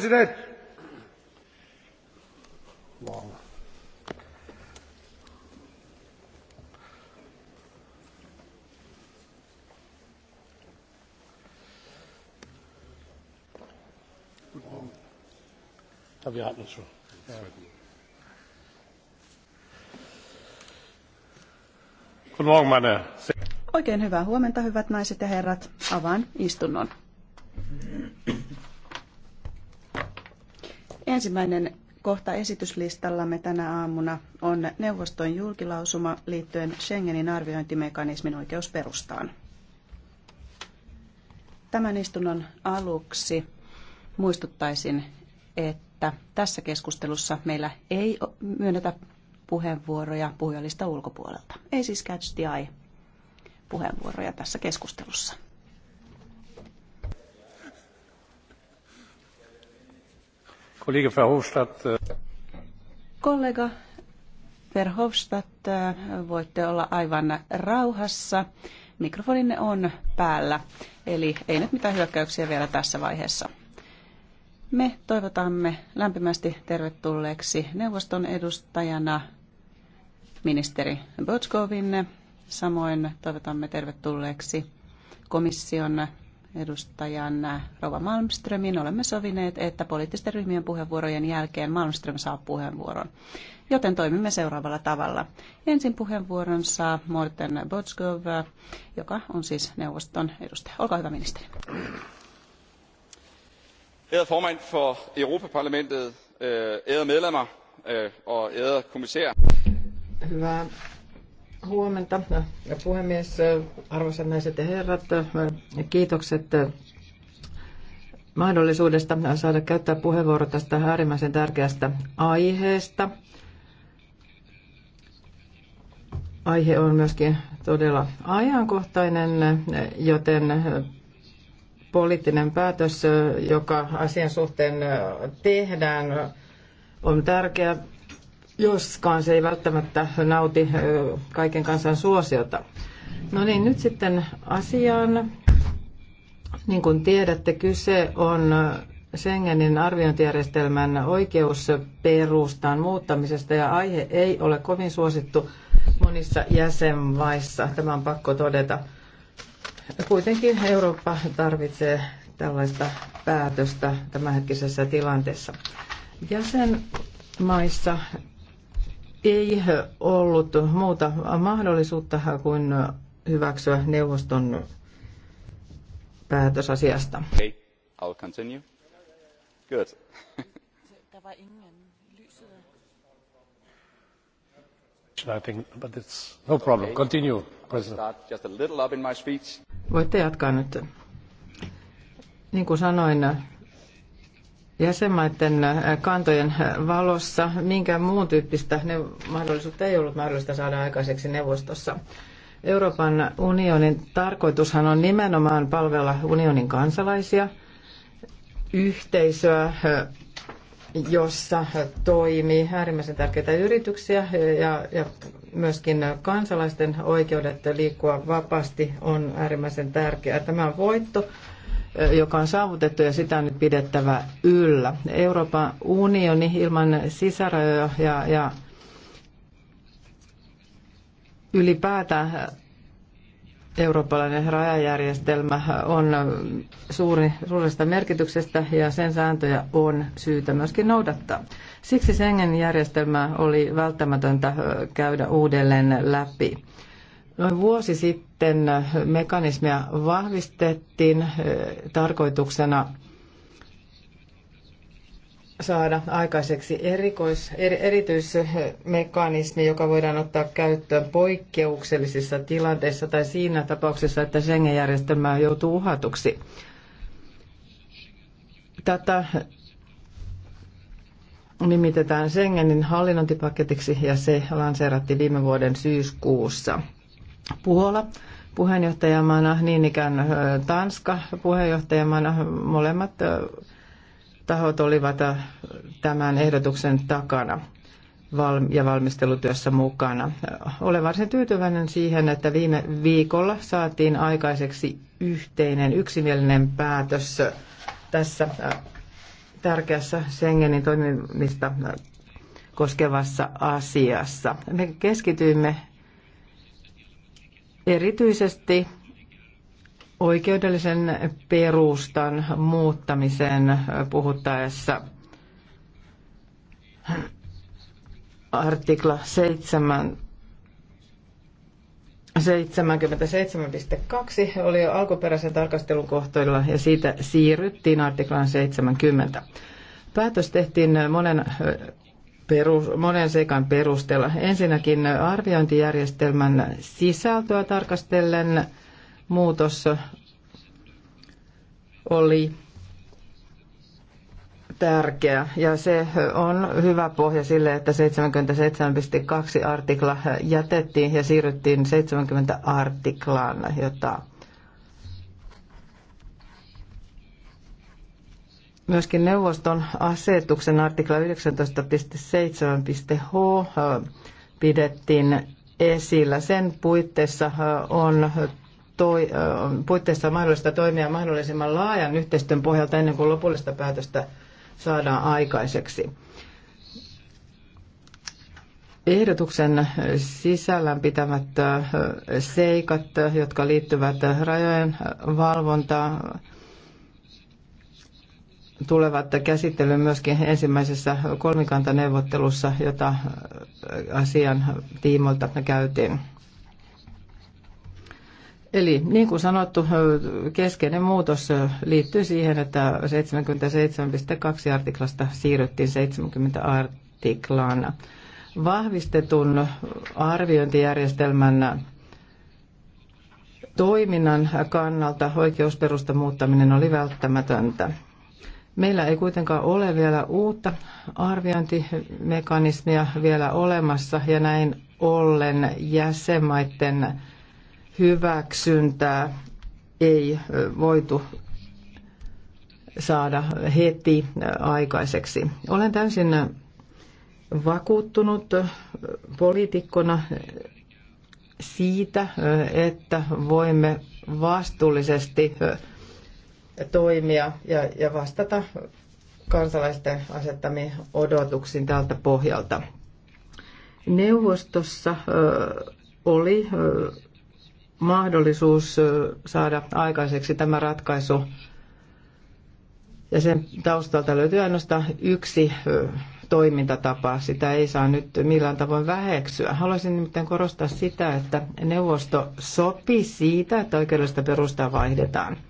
President. Long. Oikein hyvää huomenta, hyvät naiset ja herrat. Avaan istunnon. Ensimmäinen kohta esityslistallamme tänä aamuna on neuvoston julkilausuma liittyen Schengenin arviointimekanismin oikeusperustaan. Tämän istunnon aluksi muistuttaisin, että tässä keskustelussa meillä ei myönnetä puheenvuoroja puhujalista ulkopuolelta. Ei siis catch the eye puheenvuoroja tässä keskustelussa. Äh, Kollega Verhofstadt. Kollega äh, Verhofstadt, voitte olla aivan rauhassa. Mikrofoninne on päällä, eli ei nyt mitään hyökkäyksiä vielä tässä vaiheessa. Me toivotamme lämpimästi tervetulleeksi neuvoston edustajana ministeri Botkovin. Samoin toivotamme tervetulleeksi komission edustajan Rova Malmströmin. Olemme sovineet, että poliittisten ryhmien puheenvuorojen jälkeen Malmström saa puheenvuoron. Joten toimimme seuraavalla tavalla. Ensin puheenvuoron saa Morten Botskov, joka on siis neuvoston edustaja. Olkaa hyvä ministeri. Ærede formand for Europaparlamentet, øh, ærede medlemmer øh, og ærede kommissær. Hyvä Huomenta, puhemies, arvoisat naiset ja herrat. Kiitokset mahdollisuudesta saada käyttää puheenvuoro tästä äärimmäisen tärkeästä aiheesta. Aihe on myöskin todella ajankohtainen, joten poliittinen päätös, joka asian suhteen tehdään, on tärkeä joskaan se ei välttämättä nauti kaiken kansan suosiota. No niin, nyt sitten asiaan. Niin kuin tiedätte, kyse on Schengenin arviointijärjestelmän oikeusperustan muuttamisesta ja aihe ei ole kovin suosittu monissa jäsenmaissa. Tämä on pakko todeta. Kuitenkin Eurooppa tarvitsee tällaista päätöstä tämänhetkisessä tilanteessa. Jäsenmaissa ei ollut muuta mahdollisuutta kuin hyväksyä neuvoston päätös asiasta. Okay, I'll continue. Good. I think, but it's no problem. Continue, President. just a little up in my speech. Voitte jatkaa nyt. Niin kuin sanoin, jäsenmaiden äh, kantojen äh, valossa. Minkään muun tyyppistä mahdollisuutta ei ollut mahdollista saada aikaiseksi neuvostossa. Euroopan unionin tarkoitushan on nimenomaan palvella unionin kansalaisia, yhteisöä, äh, jossa toimii äärimmäisen tärkeitä yrityksiä ja, ja myöskin kansalaisten oikeudet liikkua vapaasti on äärimmäisen tärkeää. Tämä on voitto joka on saavutettu ja sitä on nyt pidettävä yllä. Euroopan unioni ilman sisärajoja ja, ja ylipäätään eurooppalainen rajajärjestelmä on suuri, suuresta merkityksestä ja sen sääntöjä on syytä myöskin noudattaa. Siksi Schengen-järjestelmää oli välttämätöntä käydä uudelleen läpi. Noin vuosi sitten sitten mekanismia vahvistettiin eh, tarkoituksena saada aikaiseksi erikois, er, erityismekanismi, joka voidaan ottaa käyttöön poikkeuksellisissa tilanteissa tai siinä tapauksessa, että Schengen-järjestelmää joutuu uhatuksi. Tätä nimitetään Schengenin hallinnointipaketiksi ja se lanseerattiin viime vuoden syyskuussa. Puola puheenjohtajamaana, niin ikään Tanska puheenjohtajamaana. Molemmat tahot olivat tämän ehdotuksen takana ja valmistelutyössä mukana. Olen varsin tyytyväinen siihen, että viime viikolla saatiin aikaiseksi yhteinen yksimielinen päätös tässä tärkeässä Schengenin toimimista koskevassa asiassa. Me keskityimme erityisesti oikeudellisen perustan muuttamisen puhuttaessa artikla 7 77.2 oli jo alkuperäisen tarkastelun kohtoilla ja siitä siirryttiin artiklaan 70. Päätös tehtiin monen perus, monen seikan perusteella. Ensinnäkin arviointijärjestelmän sisältöä tarkastellen muutos oli tärkeä ja se on hyvä pohja sille, että 77.2 artikla jätettiin ja siirryttiin 70 artiklaan, jota Myöskin neuvoston asetuksen artikla 19.7.h äh, pidettiin esillä. Sen puitteissa äh, on toi, äh, puitteissa mahdollista toimia mahdollisimman laajan yhteistyön pohjalta ennen kuin lopullista päätöstä saadaan aikaiseksi. Ehdotuksen sisällään pitämät seikat, jotka liittyvät rajojen valvontaan, tulevat käsittelyyn myöskin ensimmäisessä kolmikantaneuvottelussa, jota äh, asian tiimolta käytiin. Eli niin kuin sanottu, äh, keskeinen muutos äh, liittyy siihen, että 77.2 artiklasta siirryttiin 70 artiklaan. Vahvistetun arviointijärjestelmän toiminnan kannalta oikeusperusta muuttaminen oli välttämätöntä. Meillä ei kuitenkaan ole vielä uutta arviointimekanismia vielä olemassa ja näin ollen jäsenmaiden hyväksyntää ei voitu saada heti aikaiseksi. Olen täysin vakuuttunut poliitikkona siitä, että voimme vastuullisesti toimia ja, ja vastata kansalaisten asettamiin odotuksiin tältä pohjalta. Neuvostossa oli mahdollisuus saada aikaiseksi tämä ratkaisu ja sen taustalta löytyy ainoastaan yksi toimintatapa. Sitä ei saa nyt millään tavoin väheksyä. Haluaisin nimittäin korostaa sitä, että neuvosto sopi siitä, että oikeudellista perustaa vaihdetaan –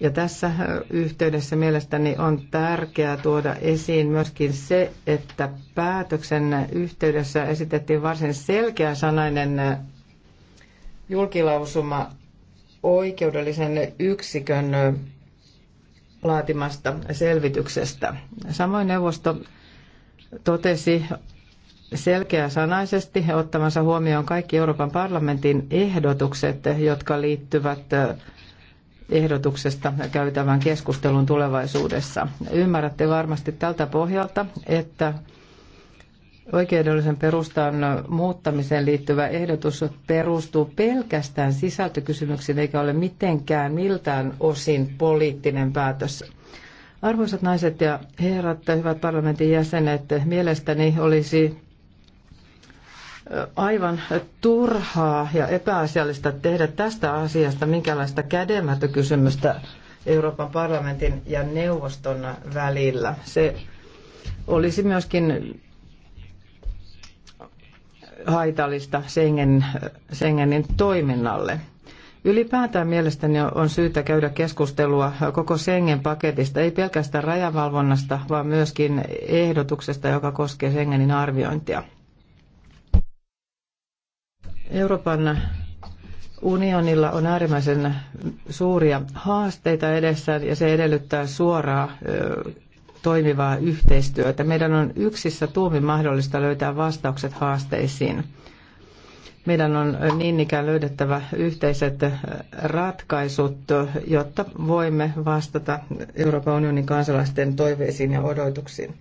ja tässä yhteydessä mielestäni on tärkeää tuoda esiin myöskin se, että päätöksen yhteydessä esitettiin varsin selkeä sanainen julkilausuma oikeudellisen yksikön laatimasta selvityksestä. Samoin neuvosto totesi selkeä sanaisesti ottamansa huomioon kaikki Euroopan parlamentin ehdotukset, jotka liittyvät ehdotuksesta käytävän keskustelun tulevaisuudessa. Ymmärrätte varmasti tältä pohjalta, että oikeudellisen perustan muuttamiseen liittyvä ehdotus perustuu pelkästään sisältökysymyksiin eikä ole mitenkään miltään osin poliittinen päätös. Arvoisat naiset ja herrat, hyvät parlamentin jäsenet, mielestäni olisi aivan turhaa ja epäasiallista tehdä tästä asiasta minkälaista kädenmätökysymystä Euroopan parlamentin ja neuvoston välillä. Se olisi myöskin haitallista Schengen, Schengenin toiminnalle. Ylipäätään mielestäni on syytä käydä keskustelua koko Schengen-paketista, ei pelkästään rajavalvonnasta, vaan myöskin ehdotuksesta, joka koskee Schengenin arviointia. Euroopan unionilla on äärimmäisen suuria haasteita edessään ja se edellyttää suoraa toimivaa yhteistyötä. Meidän on yksissä tuumin mahdollista löytää vastaukset haasteisiin. Meidän on niin ikään löydettävä yhteiset ratkaisut, jotta voimme vastata Euroopan unionin kansalaisten toiveisiin ja odotuksiin.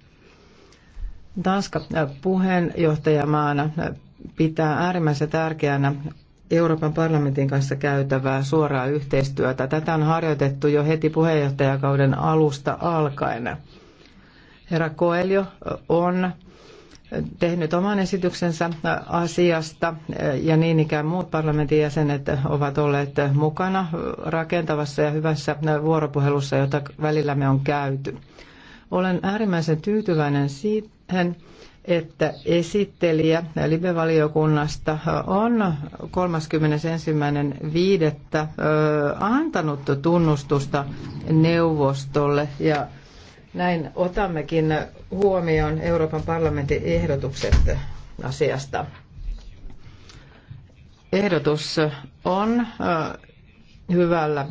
Tanska puheenjohtajamaana pitää äärimmäisen tärkeänä Euroopan parlamentin kanssa käytävää suoraa yhteistyötä. Tätä on harjoitettu jo heti puheenjohtajakauden alusta alkaen. Herra Koelio on tehnyt oman esityksensä asiasta ja niin ikään muut parlamentin jäsenet ovat olleet mukana rakentavassa ja hyvässä vuoropuhelussa, jota välillämme on käyty. Olen äärimmäisen tyytyväinen siihen, että esittelijä Libe-valiokunnasta on 31.5. antanut tunnustusta neuvostolle ja näin otammekin huomioon Euroopan parlamentin ehdotukset asiasta. Ehdotus on hyvällä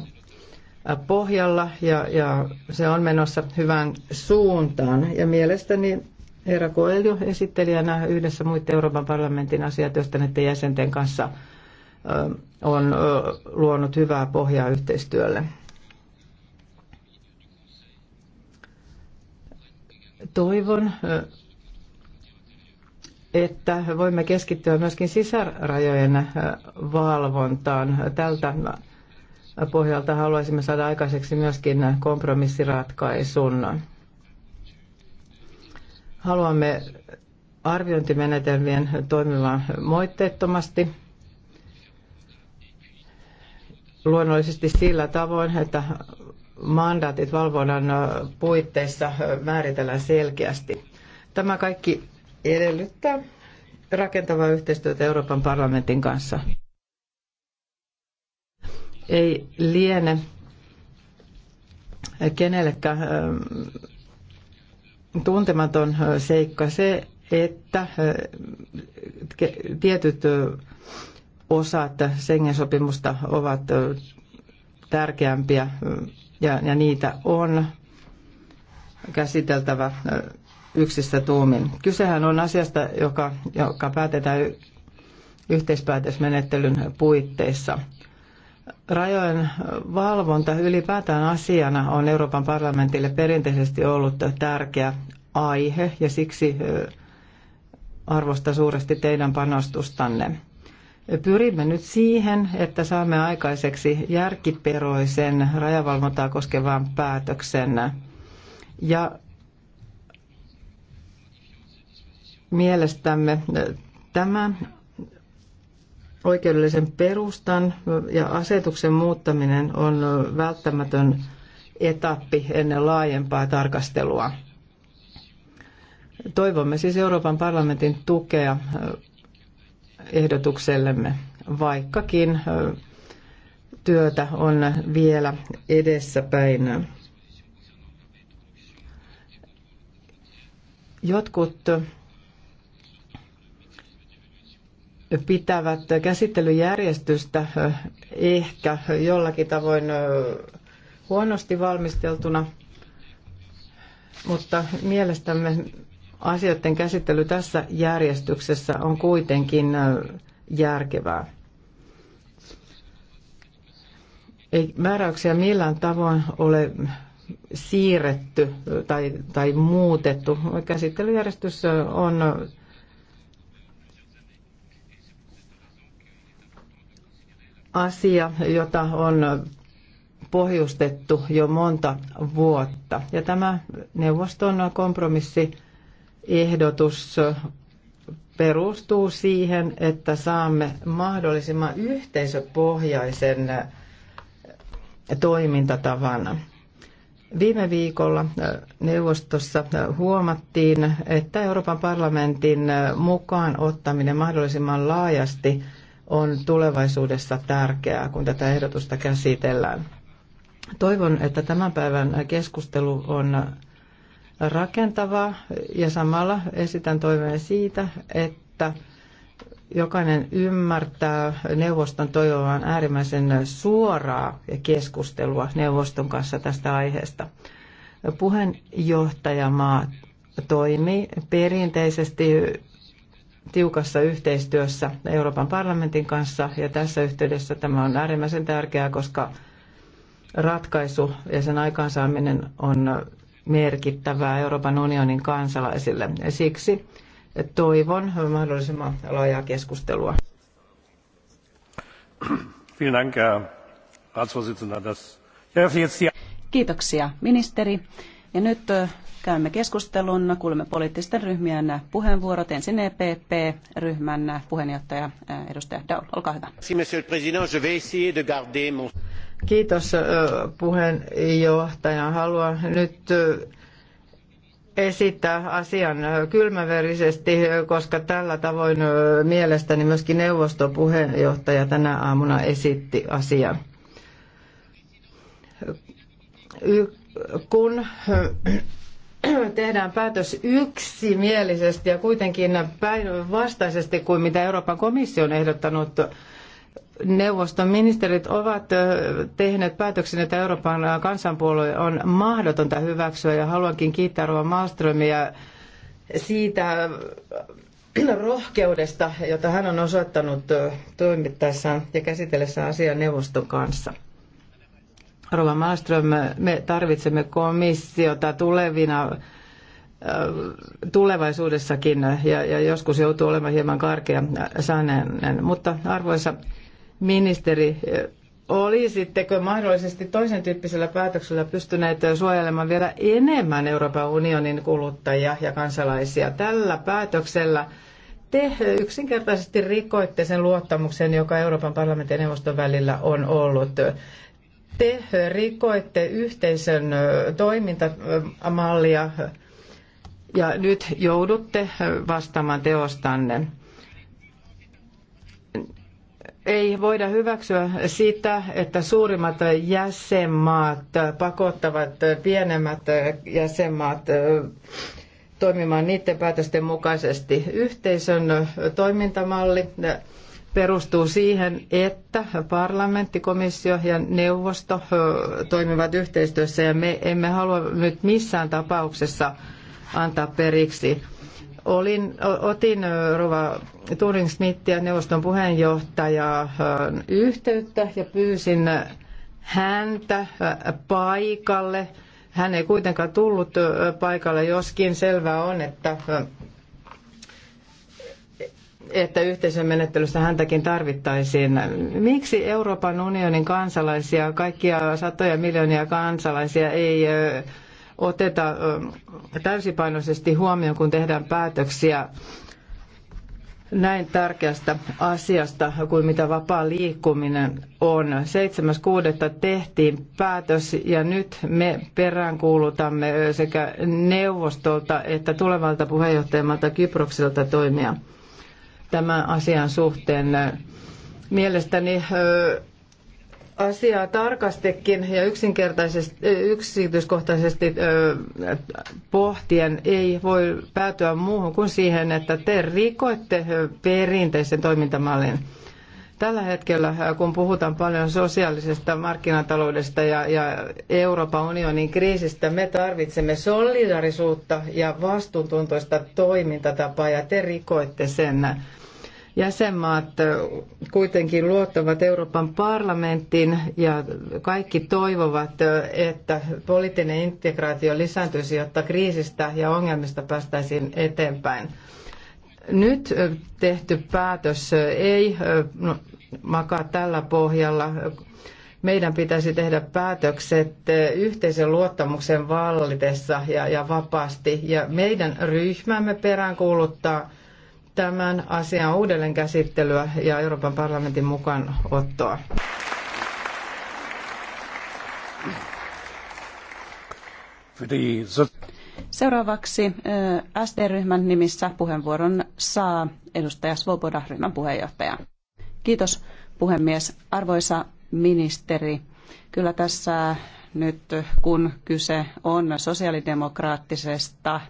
pohjalla ja, ja se on menossa hyvään suuntaan ja mielestäni Herra Koelio esittelijänä yhdessä muiden Euroopan parlamentin asiatyöstäneiden jäsenten kanssa on luonut hyvää pohjaa yhteistyölle. Toivon, että voimme keskittyä myöskin sisärajojen valvontaan. Tältä pohjalta haluaisimme saada aikaiseksi myöskin kompromissiratkaisun. Haluamme arviointimenetelmien toimivan moitteettomasti luonnollisesti sillä tavoin, että mandaatit valvonnan puitteissa määritellään selkeästi. Tämä kaikki edellyttää rakentavaa yhteistyötä Euroopan parlamentin kanssa. Ei liene kenellekään tuntematon seikka se, että tietyt osat Schengen-sopimusta ovat tärkeämpiä ja, ja niitä on käsiteltävä yksissä tuumin. Kysehän on asiasta, joka, joka päätetään yhteispäätösmenettelyn puitteissa – Rajojen valvonta ylipäätään asiana on Euroopan parlamentille perinteisesti ollut tärkeä aihe ja siksi arvostan suuresti teidän panostustanne. Pyrimme nyt siihen, että saamme aikaiseksi järkiperoisen rajavalvontaa koskevan päätöksen ja mielestämme tämä oikeudellisen perustan ja asetuksen muuttaminen on välttämätön etappi ennen laajempaa tarkastelua. Toivomme siis Euroopan parlamentin tukea äh, ehdotuksellemme, vaikkakin äh, työtä on vielä edessäpäin. Jotkut pitävät käsittelyjärjestystä ehkä jollakin tavoin huonosti valmisteltuna, mutta mielestämme asioiden käsittely tässä järjestyksessä on kuitenkin järkevää. Ei määräyksiä millään tavoin ole siirretty tai, tai muutettu. Käsittelyjärjestys on asia, jota on pohjustettu jo monta vuotta. Ja tämä neuvoston kompromissiehdotus perustuu siihen, että saamme mahdollisimman yhteisöpohjaisen toimintatavan. Viime viikolla neuvostossa huomattiin, että Euroopan parlamentin mukaan ottaminen mahdollisimman laajasti – on tulevaisuudessa tärkeää, kun tätä ehdotusta käsitellään. Toivon, että tämän päivän keskustelu on rakentava ja samalla esitän toiveen siitä, että jokainen ymmärtää neuvoston toivovan äärimmäisen suoraa keskustelua neuvoston kanssa tästä aiheesta. Puheenjohtajamaa toimii perinteisesti tiukassa yhteistyössä Euroopan parlamentin kanssa ja tässä yhteydessä tämä on äärimmäisen tärkeää, koska ratkaisu ja sen aikaansaaminen on merkittävää Euroopan unionin kansalaisille. Ja siksi toivon mahdollisimman laajaa keskustelua. Kiitoksia ministeri. Ja nyt äh, Käymme keskustelun, kuulemme poliittisten ryhmien puheenvuorot. Ensin EPP-ryhmän puheenjohtaja eh, edustaja Daul, olkaa hyvä. Kiitos eh, puheenjohtaja. Haluan nyt eh, esittää asian kylmäverisesti, koska tällä tavoin mielestäni myöskin neuvoston puheenjohtaja tänä aamuna esitti asian. Kun tehdään päätös yksimielisesti ja kuitenkin päinvastaisesti kuin mitä Euroopan komissio on ehdottanut. Neuvoston ministerit ovat tehneet päätöksen, että Euroopan kansanpuolue on mahdotonta hyväksyä ja haluankin kiittää Rova Malmströmiä siitä rohkeudesta, jota hän on osoittanut toimittaessaan ja käsitellessään asiaa neuvoston kanssa. Rova Malmström, me tarvitsemme komissiota tulevina tulevaisuudessakin ja, ja joskus joutuu olemaan hieman karkea sananen. Mutta arvoisa ministeri, olisitteko mahdollisesti toisen tyyppisellä päätöksellä pystyneet suojelemaan vielä enemmän Euroopan unionin kuluttajia ja kansalaisia? Tällä päätöksellä te yksinkertaisesti rikoitte sen luottamuksen, joka Euroopan parlamentin ja neuvoston välillä on ollut te rikoitte yhteisön toimintamallia ja nyt joudutte vastaamaan teostanne. Ei voida hyväksyä sitä, että suurimmat jäsenmaat pakottavat pienemmät jäsenmaat toimimaan niiden päätösten mukaisesti. Yhteisön toimintamalli perustuu siihen, että parlamentti, komissio ja neuvosto toimivat yhteistyössä ja me emme halua nyt missään tapauksessa antaa periksi. Olin, otin Rova Turing Smithia neuvoston puheenjohtajaa yhteyttä ja pyysin häntä paikalle. Hän ei kuitenkaan tullut paikalle, joskin selvää on, että että yhteisön menettelyssä häntäkin tarvittaisiin. Miksi Euroopan unionin kansalaisia, kaikkia satoja miljoonia kansalaisia ei oteta täysipainoisesti huomioon, kun tehdään päätöksiä näin tärkeästä asiasta kuin mitä vapaa liikkuminen on. 7.6. tehtiin päätös ja nyt me peräänkuulutamme sekä neuvostolta että tulevalta puheenjohtajamalta Kyprokselta toimia tämän asian suhteen. Mielestäni asiaa tarkastikin ja yksinkertaisesti, yksityiskohtaisesti pohtien ei voi päätyä muuhun kuin siihen, että te rikoitte perinteisen toimintamallin. Tällä hetkellä, äh, kun puhutaan paljon sosiaalisesta markkinataloudesta ja, ja Euroopan unionin kriisistä, me tarvitsemme solidarisuutta ja vastuuntuntoista toimintatapaa, ja te rikoitte sen. Jäsenmaat äh, kuitenkin luottavat Euroopan parlamenttiin ja kaikki toivovat, äh, että poliittinen integraatio lisääntyisi, jotta kriisistä ja ongelmista päästäisiin eteenpäin. Nyt tehty päätös ei no, makaa tällä pohjalla. Meidän pitäisi tehdä päätökset yhteisen luottamuksen vallitessa ja, ja vapaasti. Ja meidän ryhmämme peräänkuuluttaa tämän asian uudelleenkäsittelyä ja Euroopan parlamentin mukaan Für die Seuraavaksi SD-ryhmän nimissä puheenvuoron saa edustaja Svoboda, ryhmän puheenjohtaja. Kiitos puhemies. Arvoisa ministeri, kyllä tässä nyt kun kyse on sosiaalidemokraattisesta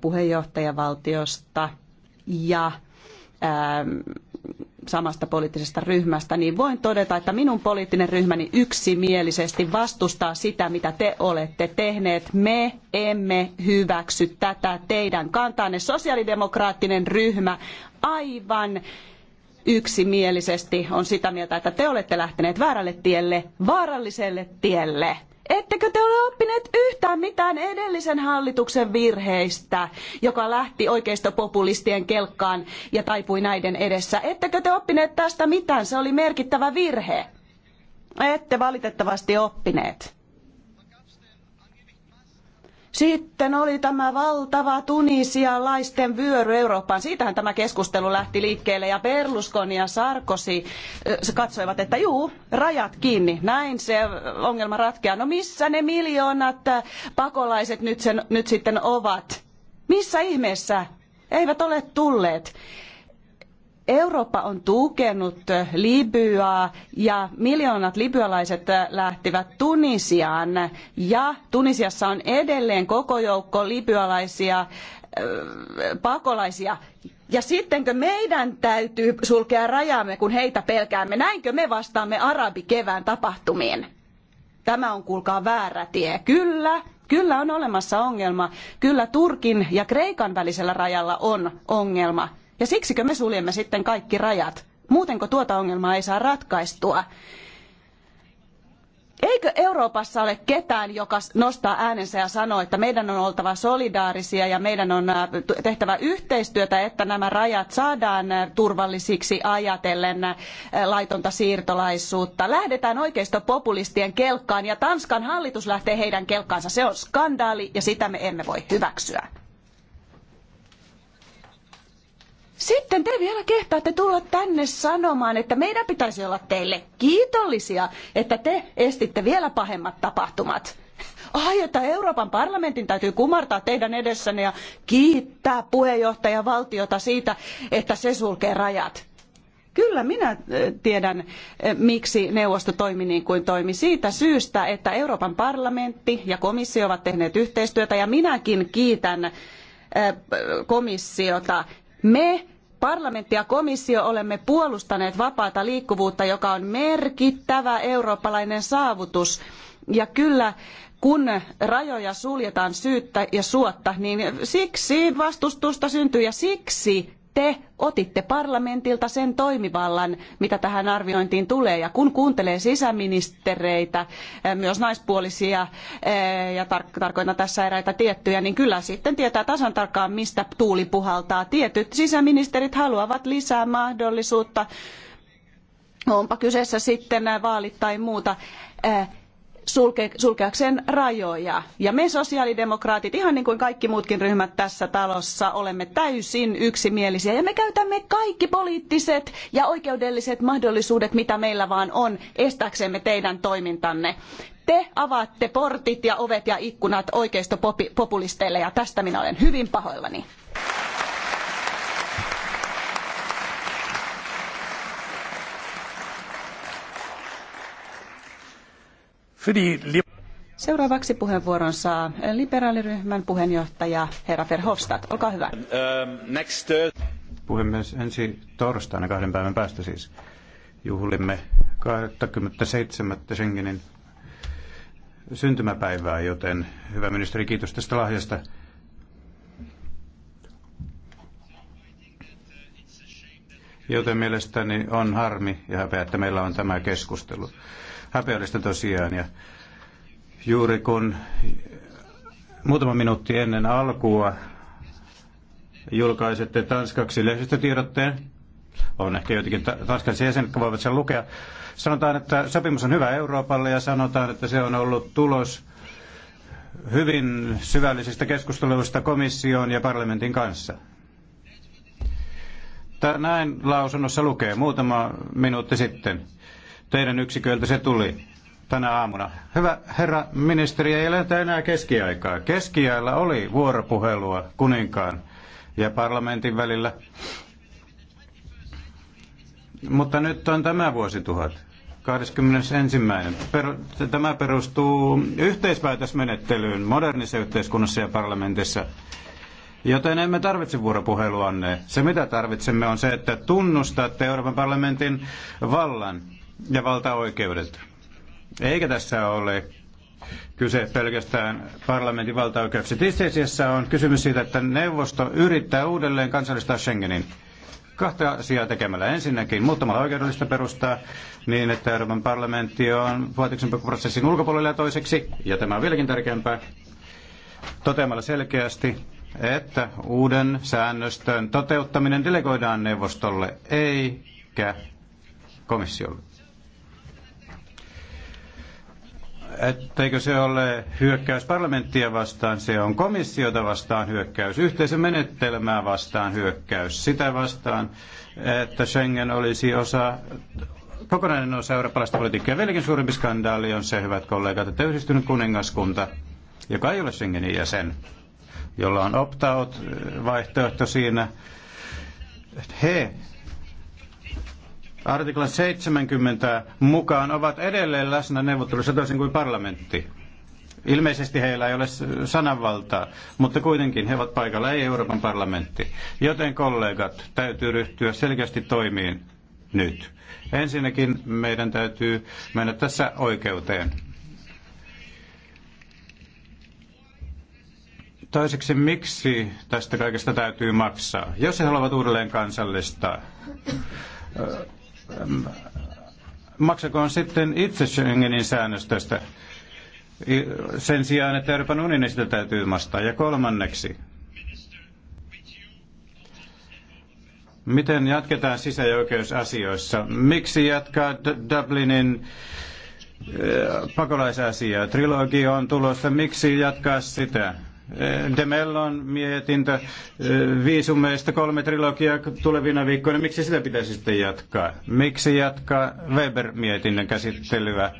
puheenjohtajavaltiosta ja ähm, samasta poliittisesta ryhmästä, niin voin todeta, että minun poliittinen ryhmäni yksimielisesti vastustaa sitä, mitä te olette tehneet. Me emme hyväksy tätä teidän kantaanne. Sosiaalidemokraattinen ryhmä aivan yksimielisesti on sitä mieltä, että te olette lähteneet väärälle tielle, vaaralliselle tielle. Ettekö te ole oppineet yhtään mitään edellisen hallituksen virheistä, joka lähti oikeistopopulistien kelkkaan ja taipui näiden edessä? Ettekö te oppineet tästä mitään? Se oli merkittävä virhe. Ette valitettavasti oppineet. Sitten oli tämä valtava tunisialaisten vyöry Eurooppaan. Siitähän tämä keskustelu lähti liikkeelle ja Berlusconi ja Sarkozy katsoivat, että juu, rajat kiinni, näin se ongelma ratkeaa. No missä ne miljoonat pakolaiset nyt, sen, nyt sitten ovat? Missä ihmeessä? Eivät ole tulleet. Eurooppa on tukenut Libyaa ja miljoonat libyalaiset lähtivät Tunisiaan ja Tunisiassa on edelleen koko joukko libyalaisia pakolaisia. Ja sittenkö meidän täytyy sulkea rajamme, kun heitä pelkäämme? Näinkö me vastaamme arabikevään tapahtumiin? Tämä on kuulkaa väärä tie. Kyllä, kyllä on olemassa ongelma. Kyllä Turkin ja Kreikan välisellä rajalla on ongelma ja siksikö me suljemme sitten kaikki rajat? Muutenko tuota ongelmaa ei saa ratkaistua? Eikö Euroopassa ole ketään, joka nostaa äänensä ja sanoo, että meidän on oltava solidaarisia ja meidän on äh, tehtävä yhteistyötä, että nämä rajat saadaan äh, turvallisiksi ajatellen äh, laitonta siirtolaisuutta. Lähdetään oikeistopopulistien kelkkaan ja Tanskan hallitus lähtee heidän kelkkaansa. Se on skandaali ja sitä me emme voi hyväksyä. Sitten te vielä kehtaatte tulla tänne sanomaan, että meidän pitäisi olla teille kiitollisia, että te estitte vielä pahemmat tapahtumat. Ai, että Euroopan parlamentin täytyy kumartaa teidän edessänne ja kiittää puheenjohtajavaltiota siitä, että se sulkee rajat. Kyllä minä eh, tiedän, eh, miksi neuvosto toimi niin kuin toimi. Siitä syystä, että Euroopan parlamentti ja komissio ovat tehneet yhteistyötä ja minäkin kiitän eh, komissiota me Parlamentti ja komissio olemme puolustaneet vapaata liikkuvuutta, joka on merkittävä eurooppalainen saavutus. Ja kyllä kun rajoja suljetaan syyttä ja suotta, niin siksi vastustusta syntyy ja siksi te otitte parlamentilta sen toimivallan, mitä tähän arviointiin tulee. Ja kun kuuntelee sisäministereitä, eh, myös naispuolisia, eh, ja tar- tarkoitan tässä eräitä tiettyjä, niin kyllä sitten tietää tasan tarkkaan, mistä tuuli puhaltaa. Tietyt sisäministerit haluavat lisää mahdollisuutta, onpa kyseessä sitten vaalit tai muuta eh, sulke, sulkeakseen rajoja. Ja me sosiaalidemokraatit, ihan niin kuin kaikki muutkin ryhmät tässä talossa, olemme täysin yksimielisiä. Ja me käytämme kaikki poliittiset ja oikeudelliset mahdollisuudet, mitä meillä vaan on, estääksemme teidän toimintanne. Te avaatte portit ja ovet ja ikkunat oikeistopopulisteille ja tästä minä olen hyvin pahoillani. Seuraavaksi puheenvuoron saa liberaaliryhmän puheenjohtaja herra Verhofstadt. Olkaa hyvä. Um, next. Puhemies, ensi torstaina kahden päivän päästä siis juhlimme 27. Schengenin syntymäpäivää, joten hyvä ministeri, kiitos tästä lahjasta. Joten mielestäni on harmi ja häpeä, että meillä on tämä keskustelu häpeällistä tosiaan. Ja juuri kun muutama minuutti ennen alkua julkaisette tanskaksi lehdistötiedotteen, on ehkä jotenkin tanskalaisia jäseniä, jotka voivat sen lukea. Sanotaan, että sopimus on hyvä Euroopalle ja sanotaan, että se on ollut tulos hyvin syvällisistä keskusteluista komission ja parlamentin kanssa. Näin lausunnossa lukee muutama minuutti sitten teidän yksiköiltä se tuli tänä aamuna. Hyvä herra ministeri, ei eletä enää keskiaikaa. Keskiajalla oli vuoropuhelua kuninkaan ja parlamentin välillä. Mutta nyt on tämä vuosituhat, 21. Per, tämä perustuu yhteispäätösmenettelyyn modernissa yhteiskunnassa ja parlamentissa. Joten emme tarvitse vuoropuheluanne. Se mitä tarvitsemme on se, että tunnustatte Euroopan parlamentin vallan ja valtaoikeudet. Eikä tässä ole kyse pelkästään parlamentin valtaoikeuksista. Itse asiassa on kysymys siitä, että neuvosto yrittää uudelleen kansallistaa Schengenin kahta asiaa tekemällä. Ensinnäkin muuttamalla oikeudellista perustaa niin, että Euroopan parlamentti on prosessin ulkopuolella ja toiseksi, ja tämä on vieläkin tärkeämpää, toteamalla selkeästi, että uuden säännöstön toteuttaminen delegoidaan neuvostolle eikä komissiolle. etteikö se ole hyökkäys parlamenttia vastaan, se on komissiota vastaan hyökkäys, yhteisen menettelmää vastaan hyökkäys, sitä vastaan, että Schengen olisi osa kokonainen osa eurooppalaista politiikkaa. Vieläkin suurempi skandaali on se, hyvät kollegat, että yhdistynyt kuningaskunta, joka ei ole Schengenin jäsen, jolla on opt-out-vaihtoehto siinä, he artikla 70 mukaan ovat edelleen läsnä neuvottelussa toisin kuin parlamentti. Ilmeisesti heillä ei ole sananvaltaa, mutta kuitenkin he ovat paikalla, ei Euroopan parlamentti. Joten kollegat, täytyy ryhtyä selkeästi toimiin nyt. Ensinnäkin meidän täytyy mennä tässä oikeuteen. Toiseksi, miksi tästä kaikesta täytyy maksaa? Jos he haluavat uudelleen kansallistaa Ähm, maksakoon sitten itse Schengenin säännöstöstä sen sijaan, että Euroopan unionin sitä täytyy vastaa. Ja kolmanneksi, miten jatketaan sisä- ja oikeusasioissa? Miksi jatkaa Dublinin äh, pakolaisasiaa? Trilogi on tulossa. Miksi jatkaa sitä? Mellon mietintö viisumeista kolme trilogiaa tulevina viikkoina. Miksi sitä pitäisi sitten jatkaa? Miksi jatkaa Weber-mietinnön käsittelyä?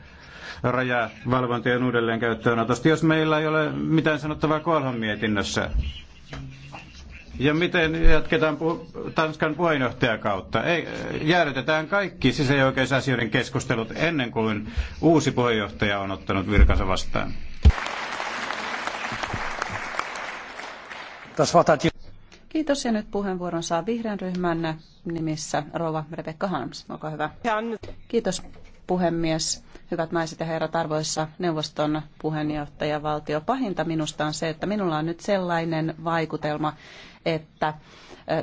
rajavalvontien uudelleen käyttöönotosta, jos meillä ei ole mitään sanottavaa Kolhon mietinnössä. Ja miten jatketaan puh- Tanskan kautta? Ei, jäädytetään kaikki oikeusasioiden keskustelut ennen kuin uusi puheenjohtaja on ottanut virkansa vastaan. Kiitos ja nyt puheenvuoron saa vihreän ryhmän nimissä rouva Rebecca Harms. Olkaa hyvä. Kiitos puhemies. Hyvät naiset ja herrat, arvoissa neuvoston puheenjohtaja valtio. Pahinta minusta on se, että minulla on nyt sellainen vaikutelma, että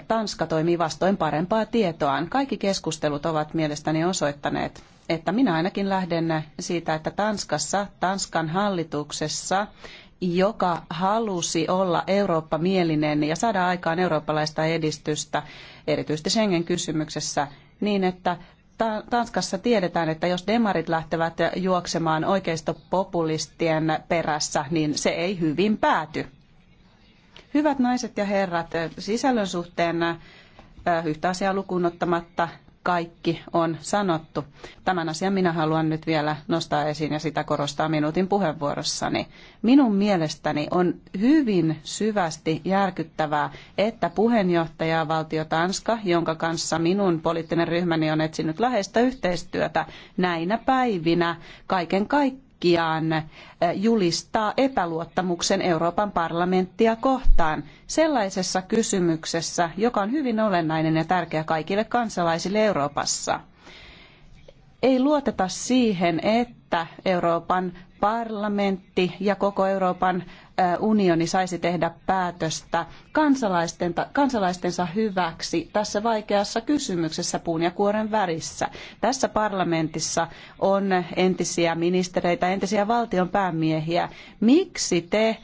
Tanska toimii vastoin parempaa tietoaan. Kaikki keskustelut ovat mielestäni osoittaneet, että minä ainakin lähden siitä, että Tanskassa, Tanskan hallituksessa joka halusi olla Eurooppa-mielinen ja saada aikaan eurooppalaista edistystä, erityisesti Schengen-kysymyksessä, niin että Tanskassa tiedetään, että jos demarit lähtevät juoksemaan oikeistopopulistien perässä, niin se ei hyvin pääty. Hyvät naiset ja herrat, sisällön suhteen yhtä asiaa lukuun ottamatta kaikki on sanottu. Tämän asian minä haluan nyt vielä nostaa esiin ja sitä korostaa minuutin puheenvuorossani. Minun mielestäni on hyvin syvästi järkyttävää, että puheenjohtaja valtio Tanska, jonka kanssa minun poliittinen ryhmäni on etsinyt läheistä yhteistyötä näinä päivinä kaiken kaikkiaan, kaikkiaan eh, julistaa epäluottamuksen Euroopan parlamenttia kohtaan sellaisessa kysymyksessä, joka on hyvin olennainen ja tärkeä kaikille kansalaisille Euroopassa. Ei luoteta siihen, että Euroopan parlamentti ja koko Euroopan unioni saisi tehdä päätöstä kansalaistensa hyväksi tässä vaikeassa kysymyksessä puun ja kuoren värissä. Tässä parlamentissa on entisiä ministereitä, entisiä valtion päämiehiä. Miksi te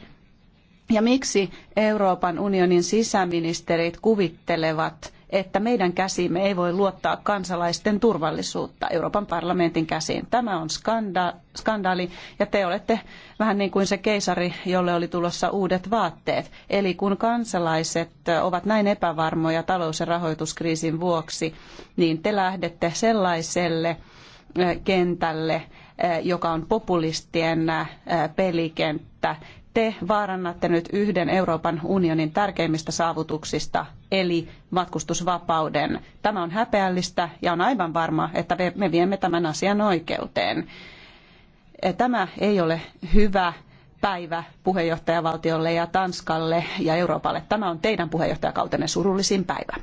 ja miksi Euroopan unionin sisäministerit kuvittelevat, että meidän käsimme ei voi luottaa kansalaisten turvallisuutta Euroopan parlamentin käsiin. Tämä on skanda- skandaali ja te olette vähän niin kuin se keisari, jolle oli tulossa uudet vaatteet. Eli kun kansalaiset ovat näin epävarmoja talous- ja rahoituskriisin vuoksi, niin te lähdette sellaiselle eh, kentälle, eh, joka on populistien eh, pelikenttä, te vaarannatte nyt yhden Euroopan unionin tärkeimmistä saavutuksista, eli matkustusvapauden. Tämä on häpeällistä ja on aivan varma, että me viemme tämän asian oikeuteen. E, tämä ei ole hyvä päivä puheenjohtajavaltiolle ja Tanskalle ja Euroopalle. Tämä on teidän puheenjohtajakautenne surullisin päivä.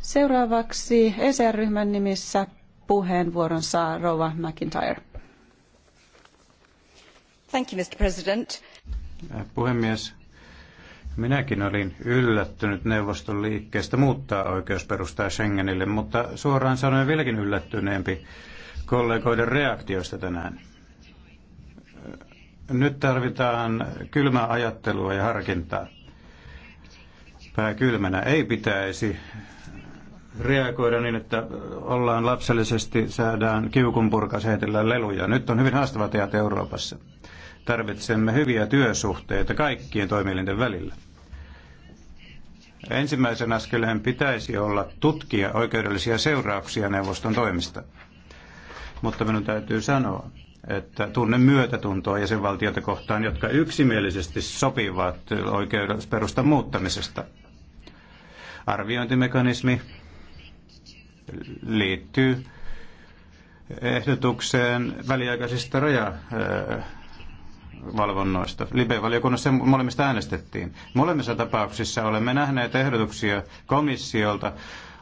Seuraavaksi ECR-ryhmän nimissä puheenvuoron saa Rova McIntyre. Thank you, Mr. President. Äh, puhemies, Minäkin olin yllättynyt neuvoston liikkeestä muuttaa oikeusperustaa Schengenille, mutta suoraan sanoen vieläkin yllättyneempi kollegoiden reaktioista tänään. Äh, nyt tarvitaan kylmää ajattelua ja harkintaa. Pää kylmänä ei pitäisi reagoida niin, että ollaan lapsellisesti, saadaan kiukunpurkas leluja. Nyt on hyvin haastava teat Euroopassa. Tarvitsemme hyviä työsuhteita kaikkien toimielinten välillä. Ensimmäisen askeleen pitäisi olla tutkia oikeudellisia seurauksia neuvoston toimista. Mutta minun täytyy sanoa, että tunne myötätuntoa jäsenvaltioita kohtaan, jotka yksimielisesti sopivat oikeudellisperustan muuttamisesta. Arviointimekanismi liittyy ehdotukseen väliaikaisista rajavalvonnoista. Libe-valiokunnassa molemmista äänestettiin. Molemmissa tapauksissa olemme nähneet ehdotuksia komissiolta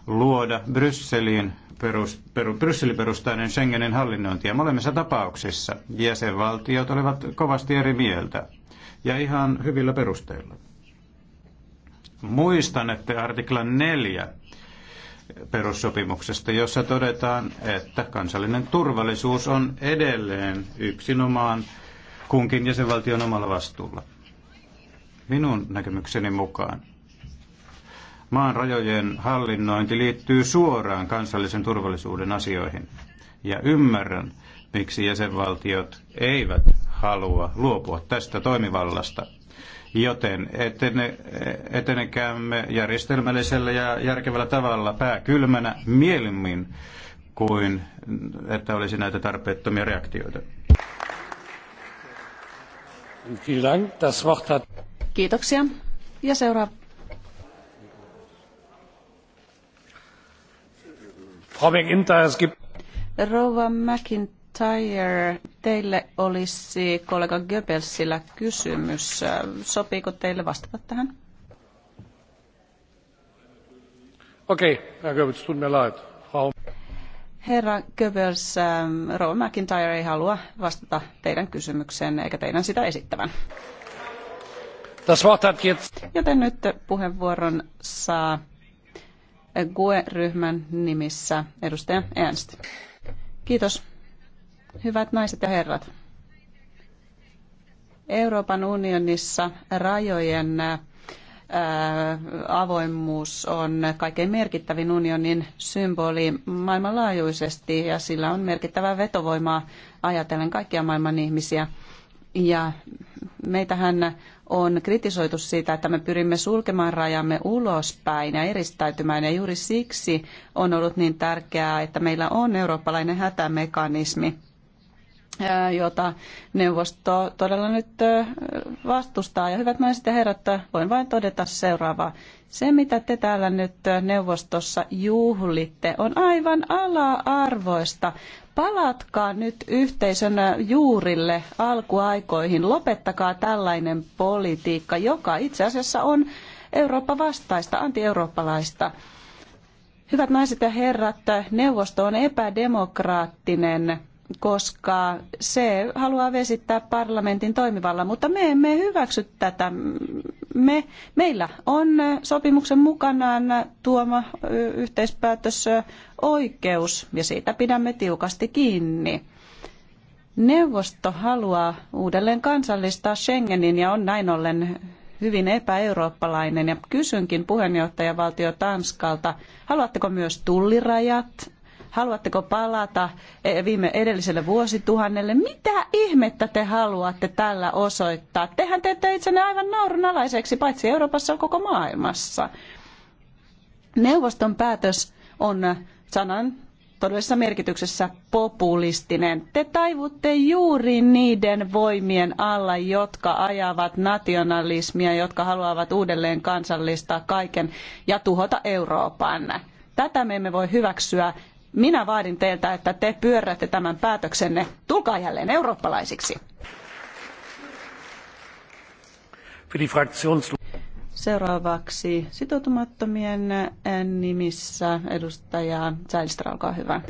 luoda Brysseliin perus, peru, Brysselin perustainen Schengenin hallinnointi. Ja molemmissa tapauksissa jäsenvaltiot olivat kovasti eri mieltä ja ihan hyvillä perusteilla. Muistan, että artiklan 4 perussopimuksesta, jossa todetaan, että kansallinen turvallisuus on edelleen yksinomaan kunkin jäsenvaltion omalla vastuulla. Minun näkemykseni mukaan maan rajojen hallinnointi liittyy suoraan kansallisen turvallisuuden asioihin. Ja ymmärrän, miksi jäsenvaltiot eivät halua luopua tästä toimivallasta Joten etene, etenekäämme järjestelmällisellä ja järkevällä tavalla pääkylmänä mieluummin kuin että olisi näitä tarpeettomia reaktioita. Kiitoksia. Ja seuraava. Frau McIntyre, es gibt... Rouva McIntyre Tyre, teille olisi kollega Goebbelsillä kysymys. Sopiiko teille vastata tähän? Okei, okay. Goebbels, tut Herra Goebbels, ähm, Rova McIntyre ei halua vastata teidän kysymykseen eikä teidän sitä esittävän. Das Joten nyt puheenvuoron saa GUE-ryhmän nimissä edustaja Ernst. Kiitos Hyvät naiset ja herrat, Euroopan unionissa rajojen avoimuus on kaikkein merkittävin unionin symboli maailmanlaajuisesti ja sillä on merkittävää vetovoimaa ajatellen kaikkia maailman ihmisiä. Ja meitähän on kritisoitu siitä, että me pyrimme sulkemaan rajamme ulospäin ja eristäytymään. Ja juuri siksi on ollut niin tärkeää, että meillä on eurooppalainen hätämekanismi – jota neuvosto todella nyt vastustaa. Ja hyvät naiset ja herrat, voin vain todeta seuraavaa. Se, mitä te täällä nyt neuvostossa juhlitte, on aivan ala-arvoista. Palatkaa nyt yhteisön juurille alkuaikoihin. Lopettakaa tällainen politiikka, joka itse asiassa on Eurooppa-vastaista, anti-eurooppalaista. Hyvät naiset ja herrat, neuvosto on epädemokraattinen koska se haluaa vesittää parlamentin toimivallan, mutta me emme hyväksy tätä. Me, meillä on sopimuksen mukanaan tuoma yhteispäätös oikeus ja siitä pidämme tiukasti kiinni. Neuvosto haluaa uudelleen kansallistaa Schengenin ja on näin ollen hyvin epäeurooppalainen. Ja kysynkin puheenjohtajavaltio Tanskalta, haluatteko myös tullirajat Haluatteko palata eh, viime edelliselle vuosituhannelle? Mitä ihmettä te haluatte tällä osoittaa? Tehän teette itsenne aivan naurunalaiseksi, paitsi Euroopassa, koko maailmassa. Neuvoston päätös on eh, sanan todellisessa merkityksessä populistinen. Te taivutte juuri niiden voimien alla, jotka ajavat nationalismia, jotka haluavat uudelleen kansallistaa kaiken ja tuhota Euroopan. Tätä me emme voi hyväksyä minä vaadin teiltä, että te pyörrätte tämän päätöksenne. Tulkaa jälleen eurooppalaisiksi. Seuraavaksi sitoutumattomien nimissä edustaja Säilistra, olkaa hyvä.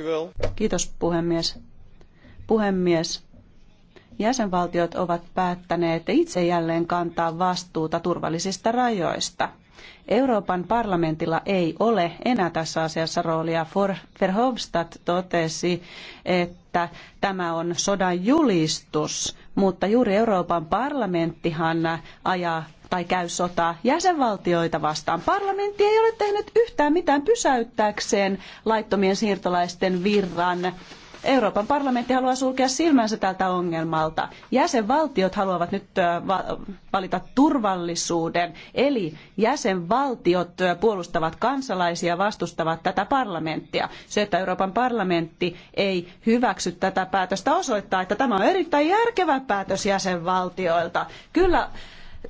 Kiitos puhemies. Puhemies, jäsenvaltiot ovat päättäneet itse jälleen kantaa vastuuta turvallisista rajoista – Euroopan parlamentilla ei ole enää tässä asiassa roolia. Verhofstadt totesi, että tämä on sodan julistus, mutta juuri Euroopan parlamenttihan ajaa tai käy sotaa jäsenvaltioita vastaan. Parlamentti ei ole tehnyt yhtään mitään pysäyttääkseen laittomien siirtolaisten virran Euroopan parlamentti haluaa sulkea silmänsä tältä ongelmalta. Jäsenvaltiot haluavat nyt valita turvallisuuden, eli jäsenvaltiot puolustavat kansalaisia, vastustavat tätä parlamenttia. Se, että Euroopan parlamentti ei hyväksy tätä päätöstä, osoittaa, että tämä on erittäin järkevä päätös jäsenvaltioilta. Kyllä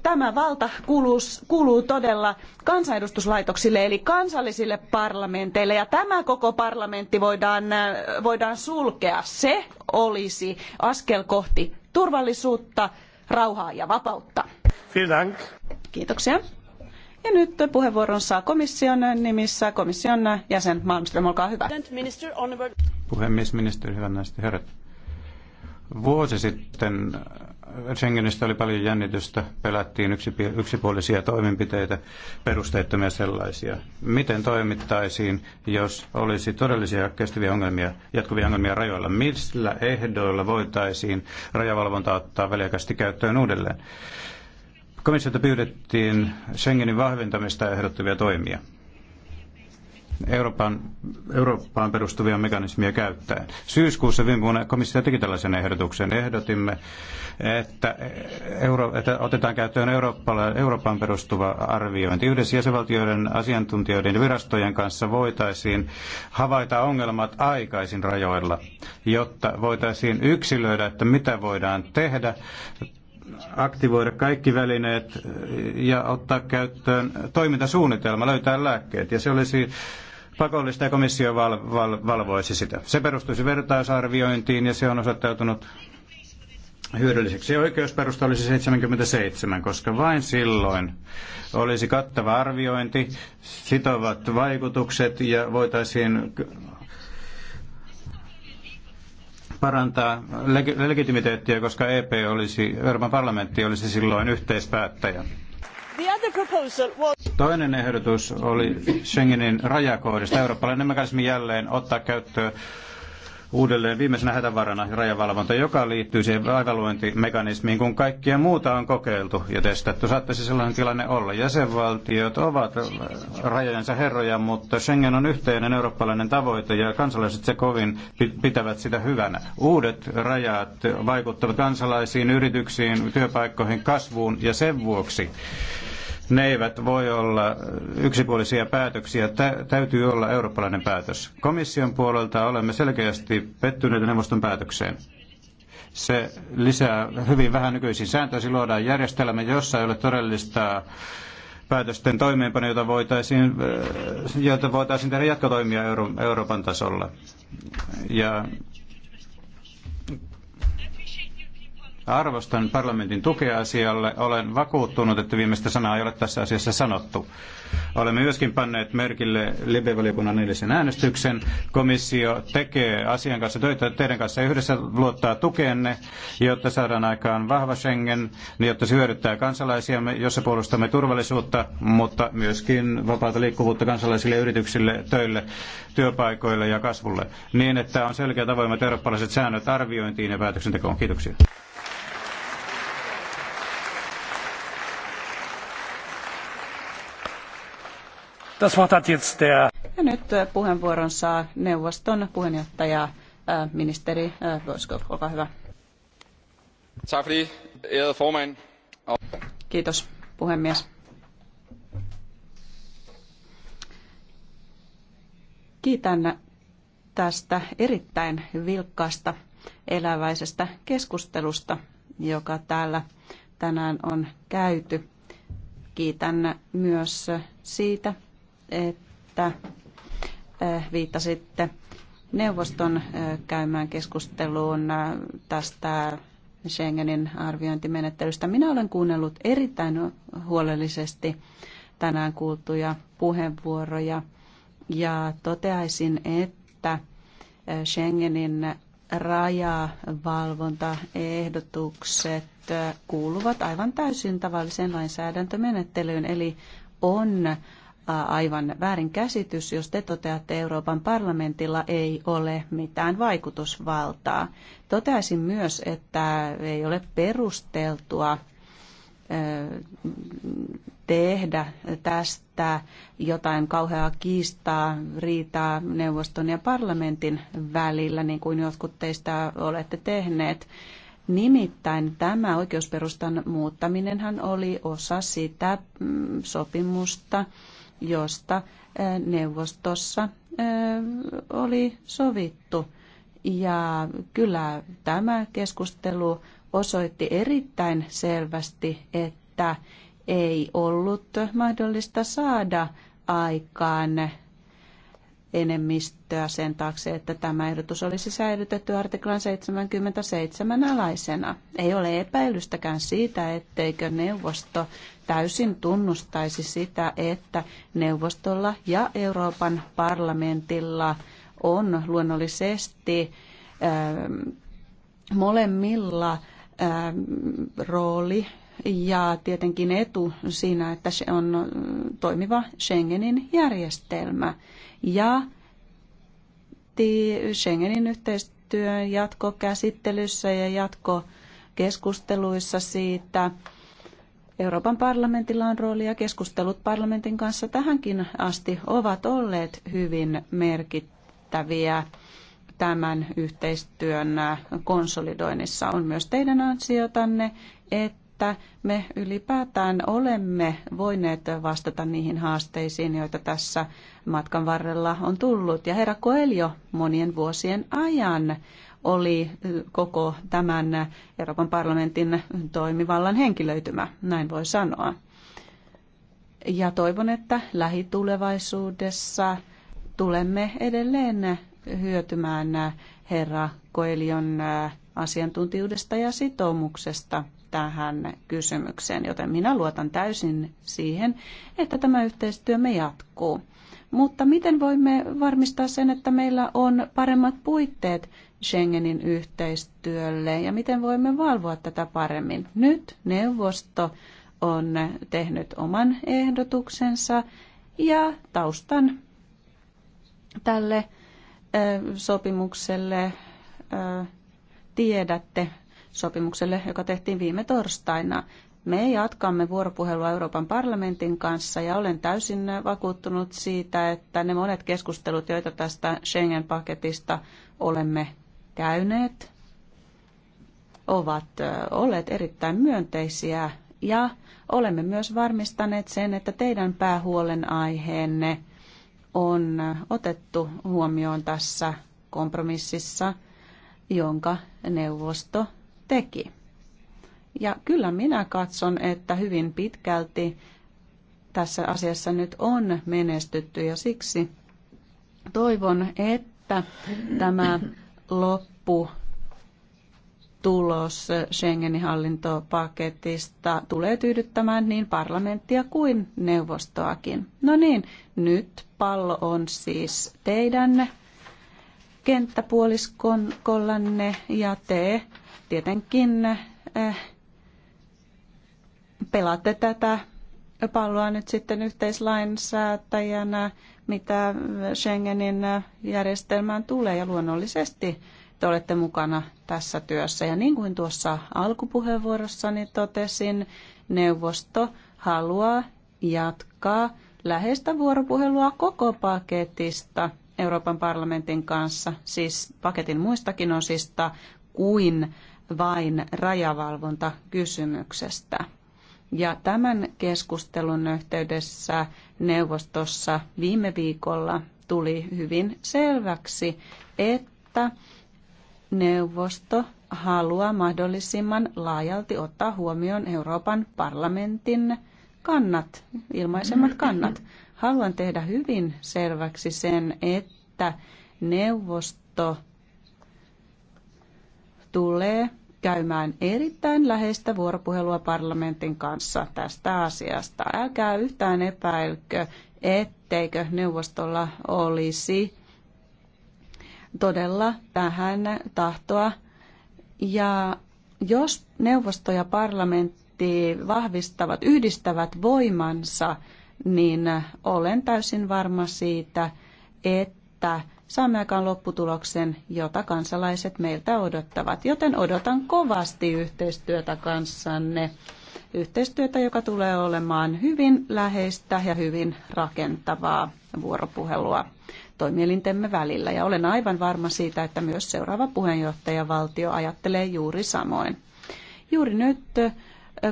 tämä valta kuuluu, kuuluu todella kansanedustuslaitoksille eli kansallisille parlamenteille ja tämä koko parlamentti voidaan, voidaan sulkea. Se olisi askel kohti turvallisuutta, rauhaa ja vapautta. Vielen Kiitoksia. Ja nyt puheenvuoron saa komission nimissä komission jäsen Malmström, olkaa hyvä. Puhemies, ministeri, hyvät naiset ja herrat. Vuosi sitten Schengenistä oli paljon jännitystä, pelättiin yksipuolisia toimenpiteitä, perusteettomia sellaisia. Miten toimittaisiin, jos olisi todellisia kestäviä ongelmia, jatkuvia ongelmia rajoilla? Millä ehdoilla voitaisiin rajavalvonta ottaa väliaikaisesti käyttöön uudelleen? Komissiota pyydettiin Schengenin vahventamista ehdottavia toimia. Euroopan, Eurooppaan perustuvia mekanismia käyttäen. Syyskuussa viime vuonna komissio teki tällaisen ehdotuksen. Ehdotimme, että, Euro, että otetaan käyttöön Eurooppaan, Eurooppaan perustuva arviointi. Yhdessä jäsenvaltioiden asiantuntijoiden ja virastojen kanssa voitaisiin havaita ongelmat aikaisin rajoilla, jotta voitaisiin yksilöidä, että mitä voidaan tehdä aktivoida kaikki välineet ja ottaa käyttöön toimintasuunnitelma, löytää lääkkeet. Ja se olisi pakollista ja komissio val, val, valvoisi sitä. Se perustuisi vertaisarviointiin ja se on osoittautunut hyödylliseksi. Oikeusperusta olisi 77, koska vain silloin olisi kattava arviointi, sitovat vaikutukset ja voitaisiin parantaa leg- legitimiteettiä, koska EP olisi, Euroopan parlamentti olisi silloin yhteispäättäjä. Toinen ehdotus oli Schengenin rajakohdista. Eurooppalainen mekanismi jälleen ottaa käyttöön uudelleen viimeisenä hätävarana rajavalvonta, joka liittyy siihen aivaluointimekanismiin, kun kaikkia muuta on kokeiltu ja testattu. Saattaisi sellainen tilanne olla. Jäsenvaltiot ovat rajojensa herroja, mutta Schengen on yhteinen eurooppalainen tavoite ja kansalaiset se kovin pitävät sitä hyvänä. Uudet rajat vaikuttavat kansalaisiin, yrityksiin, työpaikkoihin, kasvuun ja sen vuoksi ne eivät voi olla yksipuolisia päätöksiä, Tä- täytyy olla eurooppalainen päätös. Komission puolelta olemme selkeästi pettyneitä neuvoston päätökseen. Se lisää hyvin vähän nykyisiin sääntöihin, luodaan järjestelmä, jossa ei ole todellista päätösten toimeenpano, jota voitaisiin, jota voitaisiin tehdä jatkotoimia Euro- Euroopan tasolla. Ja Arvostan parlamentin tukea asialle. Olen vakuuttunut, että viimeistä sanaa ei ole tässä asiassa sanottu. Olemme myöskin panneet merkille Libe-valiokunnan edellisen äänestyksen. Komissio tekee asian kanssa töitä teidän kanssa yhdessä, luottaa tukeenne, jotta saadaan aikaan vahva Schengen, niin jotta se hyödyttää kansalaisiamme, jossa puolustamme turvallisuutta, mutta myöskin vapaata liikkuvuutta kansalaisille yrityksille, töille, työpaikoille ja kasvulle, niin että on selkeät avoimet eurooppalaiset säännöt arviointiin ja päätöksentekoon. Kiitoksia. Ja nyt äh, puheenvuoron saa neuvoston puheenjohtaja äh, ministeri Boskov, äh, olkaa hyvä. Tak fordi, ærede formand. Kiitos, puhemies. Kiitän tästä erittäin vilkkaasta eläväisestä keskustelusta, joka täällä tänään on käyty. Kiitän myös siitä, että viittasitte neuvoston käymään keskusteluun tästä Schengenin arviointimenettelystä. Minä olen kuunnellut erittäin huolellisesti tänään kuultuja puheenvuoroja ja toteaisin, että Schengenin rajavalvontaehdotukset kuuluvat aivan täysin tavalliseen lainsäädäntömenettelyyn, eli on aivan väärin käsitys, jos te toteatte, Euroopan parlamentilla ei ole mitään vaikutusvaltaa. Toteaisin myös, että ei ole perusteltua tehdä tästä jotain kauheaa kiistaa, riitaa neuvoston ja parlamentin välillä, niin kuin jotkut teistä olette tehneet. Nimittäin tämä oikeusperustan muuttaminenhan oli osa sitä mm, sopimusta, josta neuvostossa oli sovittu. Ja kyllä tämä keskustelu osoitti erittäin selvästi, että ei ollut mahdollista saada aikaan enemmistöä sen taakse, että tämä ehdotus olisi säilytetty artiklan 77 alaisena. Ei ole epäilystäkään siitä, etteikö neuvosto täysin tunnustaisi sitä, että neuvostolla ja Euroopan parlamentilla on luonnollisesti ähm, molemmilla ähm, rooli ja tietenkin etu siinä, että se on äh, toimiva Schengenin järjestelmä ja Schengenin yhteistyön jatkokäsittelyssä ja jatkokeskusteluissa siitä. Euroopan parlamentilla on rooli ja keskustelut parlamentin kanssa tähänkin asti ovat olleet hyvin merkittäviä tämän yhteistyön konsolidoinnissa. On myös teidän ansiotanne, että että me ylipäätään olemme voineet vastata niihin haasteisiin, joita tässä matkan varrella on tullut. Ja herra Koelio monien vuosien ajan oli koko tämän Euroopan parlamentin toimivallan henkilöitymä, näin voi sanoa. Ja toivon, että lähitulevaisuudessa tulemme edelleen hyötymään herra Koelion asiantuntijuudesta ja sitoumuksesta – tähän kysymykseen, joten minä luotan täysin siihen, että tämä yhteistyömme jatkuu. Mutta miten voimme varmistaa sen, että meillä on paremmat puitteet Schengenin yhteistyölle ja miten voimme valvoa tätä paremmin? Nyt neuvosto on tehnyt oman ehdotuksensa ja taustan tälle sopimukselle tiedätte sopimukselle, joka tehtiin viime torstaina. Me jatkamme vuoropuhelua Euroopan parlamentin kanssa ja olen täysin vakuuttunut siitä, että ne monet keskustelut, joita tästä Schengen-paketista olemme käyneet, ovat olleet erittäin myönteisiä ja olemme myös varmistaneet sen, että teidän päähuolen aiheenne on otettu huomioon tässä kompromississa, jonka neuvosto teki. Ja kyllä minä katson, että hyvin pitkälti tässä asiassa nyt on menestytty ja siksi toivon, että tämä loppu tulos Schengenin hallintopaketista tulee tyydyttämään niin parlamenttia kuin neuvostoakin. No niin, nyt pallo on siis teidän kenttäpuoliskollanne ja te tietenkin eh, pelaatte tätä palloa nyt sitten yhteislainsäätäjänä, mitä Schengenin järjestelmään tulee ja luonnollisesti te olette mukana tässä työssä. Ja niin kuin tuossa alkupuheenvuorossani totesin, neuvosto haluaa jatkaa läheistä vuoropuhelua koko paketista Euroopan parlamentin kanssa, siis paketin muistakin osista, kuin vain rajavalvontakysymyksestä. Ja tämän keskustelun yhteydessä neuvostossa viime viikolla tuli hyvin selväksi, että neuvosto haluaa mahdollisimman laajalti ottaa huomioon Euroopan parlamentin kannat, ilmaisemmat kannat. Haluan tehdä hyvin selväksi sen, että neuvosto tulee käymään erittäin läheistä vuoropuhelua parlamentin kanssa tästä asiasta. Älkää yhtään epäilkö, etteikö neuvostolla olisi todella tähän tahtoa. Ja jos neuvosto ja parlamentti vahvistavat, yhdistävät voimansa, niin olen täysin varma siitä, että saamme aikaan lopputuloksen, jota kansalaiset meiltä odottavat. Joten odotan kovasti yhteistyötä kanssanne. Yhteistyötä, joka tulee olemaan hyvin läheistä ja hyvin rakentavaa vuoropuhelua toimielintemme välillä. Ja olen aivan varma siitä, että myös seuraava puheenjohtajavaltio ajattelee juuri samoin. Juuri nyt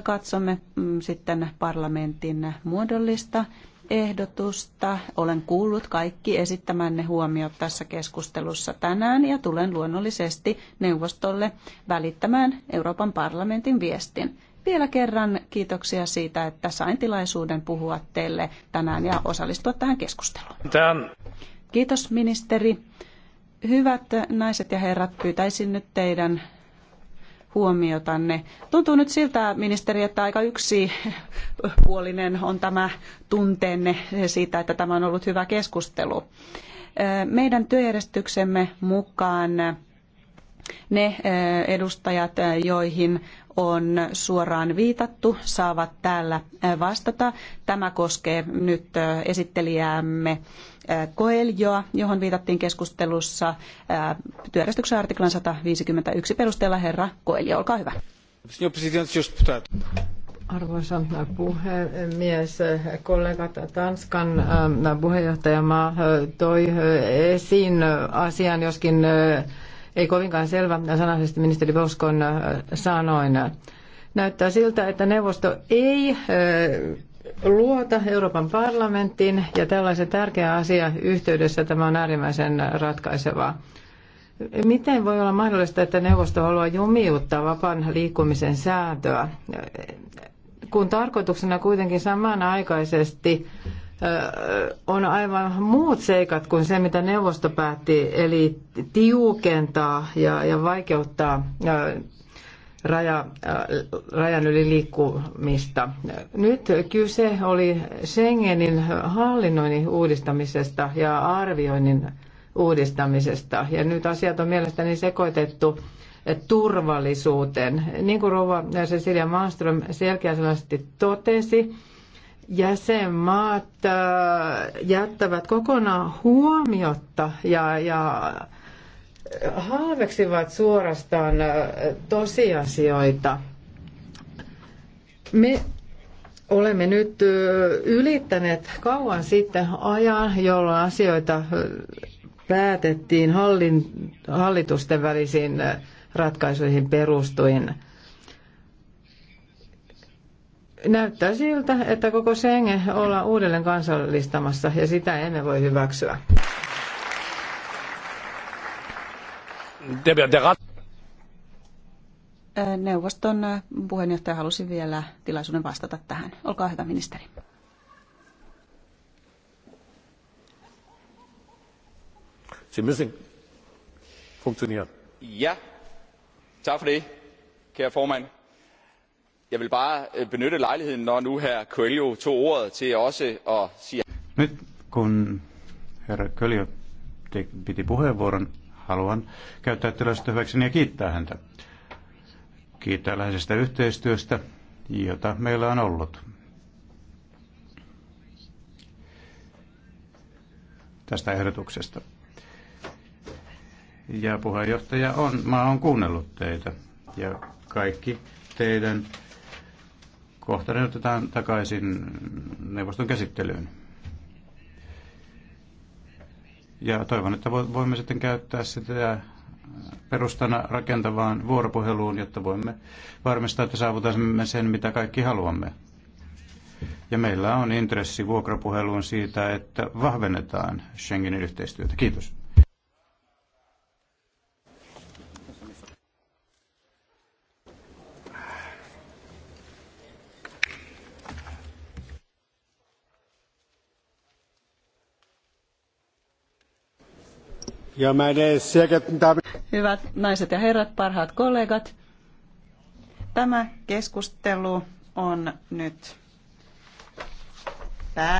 katsomme mm, sitten parlamentin muodollista ehdotusta. Olen kuullut kaikki esittämänne huomiot tässä keskustelussa tänään ja tulen luonnollisesti neuvostolle välittämään Euroopan parlamentin viestin. Vielä kerran kiitoksia siitä, että sain tilaisuuden puhua teille tänään ja osallistua tähän keskusteluun. Tän. Kiitos ministeri. Hyvät naiset ja herrat, pyytäisin nyt teidän huomiotanne. Tuntuu nyt siltä, ministeri, että aika yksipuolinen on tämä tunteenne siitä, että tämä on ollut hyvä keskustelu. Meidän työjärjestyksemme mukaan ne eh, edustajat, eh, joihin on suoraan viitattu, saavat täällä eh, vastata. Tämä koskee nyt esittelijäämme Koeljoa, johon viitattiin keskustelussa työjärjestyksen artiklan 151 perusteella. Herra Koeljo, olkaa hyvä. Arvoisa puhemies, kollegat, Tanskan ähm, puheenjohtajamaa äh, toi äh, esiin asian, joskin äh, ei kovinkaan selvä sanaisesti ministeri Voskon sanoin. Näyttää siltä, että neuvosto ei luota Euroopan parlamenttiin ja tällaisen tärkeä asia yhteydessä tämä on äärimmäisen ratkaisevaa. Miten voi olla mahdollista, että neuvosto haluaa jumiuttaa vapaan liikkumisen sääntöä, kun tarkoituksena kuitenkin samanaikaisesti on aivan muut seikat kuin se, mitä neuvosto päätti, eli tiukentaa ja, ja vaikeuttaa raja, äh, rajan yli liikkumista. Nyt kyse oli Schengenin hallinnoinnin uudistamisesta ja arvioinnin uudistamisesta. Ja nyt asiat on mielestäni sekoitettu äh, turvallisuuteen. Niin kuin Rova Cecilia Malmström selkeästi totesi, jäsenmaat äh, jättävät kokonaan huomiotta ja, ja halveksivat suorastaan äh, tosiasioita. Me olemme nyt äh, ylittäneet kauan sitten ajan, jolloin asioita äh, päätettiin hallin, hallitusten välisiin ratkaisuihin perustuin. Näyttää siltä, että koko Schengen ollaan uudelleen kansallistamassa ja sitä emme voi hyväksyä. Neuvoston puheenjohtaja halusi vielä tilaisuuden vastata tähän. Olkaa hyvä, ministeri. Sie müssen funktionieren. Ja, tak for det, kære formand. Jeg vil bare øh, benytte lejligheden, når nu herr Coelho tog ordet, til også at sige... Nyt kun herra Coelho piti puheenvuoron, Haluan käyttää tilaisuutta hyväkseni ja kiittää häntä. Kiittää läheisestä yhteistyöstä, jota meillä on ollut. tästä ehdotuksesta. Ja puheenjohtaja on, mä oon kuunnellut teitä ja kaikki teidän kohta otetaan takaisin neuvoston käsittelyyn. Ja toivon, että voimme sitten käyttää sitä perustana rakentavaan vuoropuheluun, jotta voimme varmistaa, että saavutamme sen, mitä kaikki haluamme. Ja meillä on intressi vuokrapuheluun siitä, että vahvennetaan Schengenin yhteistyötä. Kiitos. Hyvät naiset ja herrat, parhaat kollegat. Tämä keskustelu on nyt